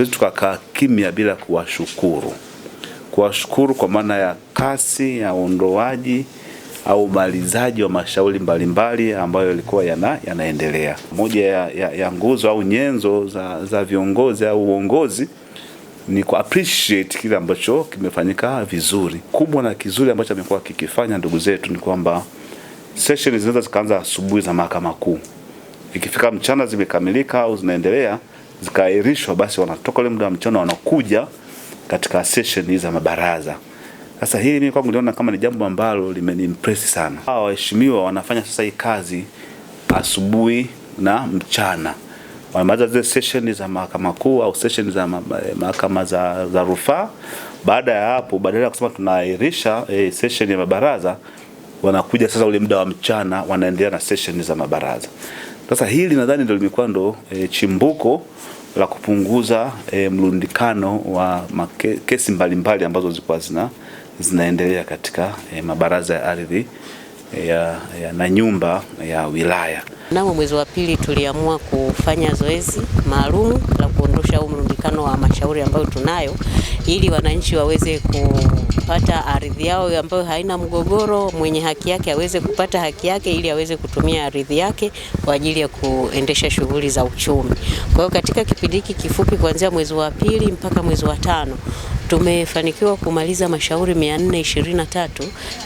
Wakristo tukakaa kimya bila kuwashukuru, kuwashukuru kwa maana ya kasi ya uondoaji au umalizaji wa mashauri mbalimbali ambayo yalikuwa yana, yanaendelea. Moja ya, ya, ya nguzo au nyenzo za, za viongozi au uongozi ni ku appreciate kile ambacho kimefanyika vizuri. Kubwa na kizuri ambacho amekuwa kikifanya ndugu zetu ni kwamba session zinaweza zikaanza asubuhi za Mahakama Kuu, ikifika mchana zimekamilika au zinaendelea zikaahirishwa, basi wanatoka ule muda wa mchana wanakuja katika session hizi za mabaraza. Sasa hili mimi kwangu niliona kama ni jambo ambalo limenimpress sana. Hawa waheshimiwa wanafanya sasa hii kazi asubuhi na mchana, wanamaliza zile session za mahakama kuu au session za eh, mahakama za, za rufaa. Baada ya hapo, badala ya kusema tunaahirisha eh, session ya mabaraza, wanakuja sasa ule muda wa mchana wanaendelea na session za mabaraza. Sasa hili nadhani ndio limekuwa ndo e, chimbuko la kupunguza e, eh, mlundikano wa make, kesi mbalimbali mbali ambazo zilikuwa zina, zinaendelea katika e, mabaraza ya ardhi ya, ya, na nyumba ya wilaya. Namo mwezi wa pili tuliamua kufanya zoezi maalum la kuondosha huu mrundikano wa mashauri ambayo tunayo ili wananchi waweze kupata ardhi yao ambayo haina mgogoro, mwenye haki yake aweze kupata haki yake ili aweze kutumia ardhi yake kwa ajili ya kuendesha shughuli za uchumi. Kwa hiyo katika kipindi hiki kifupi kuanzia mwezi wa pili mpaka mwezi wa tano Tumefanikiwa kumaliza mashauri 423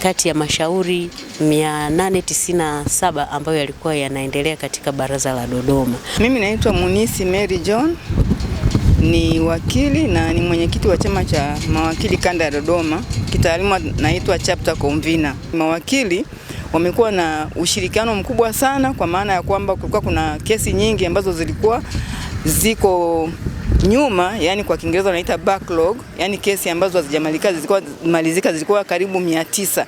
kati ya mashauri 897 ambayo yalikuwa yanaendelea katika baraza la Dodoma. Mimi naitwa Munisi Mary John, ni wakili na ni mwenyekiti wa chama cha mawakili kanda ya Dodoma, kitaaluma naitwa chapter convener. Mawakili wamekuwa na ushirikiano mkubwa sana, kwa maana ya kwamba kulikuwa kuna kesi nyingi ambazo zilikuwa ziko nyuma, yani kwa Kiingereza wanaita backlog, yani kesi ambazo hazijamalizika zilikuwa malizika zilikuwa karibu mia tisa.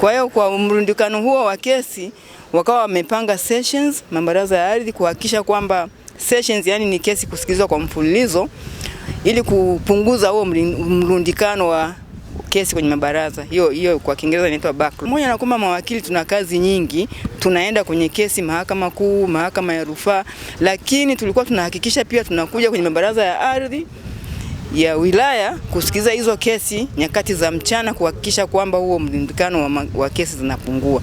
Kwa hiyo kwa mrundikano huo wa kesi wakawa wamepanga sessions mabaraza ya ardhi kuhakikisha kwamba sessions, yani ni kesi kusikilizwa kwa mfululizo ili kupunguza huo mrundikano wa kesi kwenye mabaraza, hiyo hiyo kwa Kiingereza inaitwa backlog. Mmoja na kwamba mawakili tuna kazi nyingi, tunaenda kwenye kesi mahakama kuu, mahakama ya rufaa, lakini tulikuwa tunahakikisha pia tunakuja kwenye mabaraza ya ardhi ya wilaya kusikiza hizo kesi nyakati za mchana kuhakikisha kwamba huo mlindikano wa, wa kesi zinapungua.